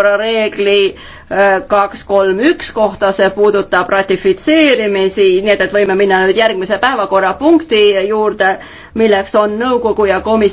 kodukorrareegli äh, kaks, kolm, üks kohta, see puudutab ratifitseerimisi, nii et, et võime minna nüüd järgmise päevakorrapunkti juurde, milleks on nõukogu ja komisjoni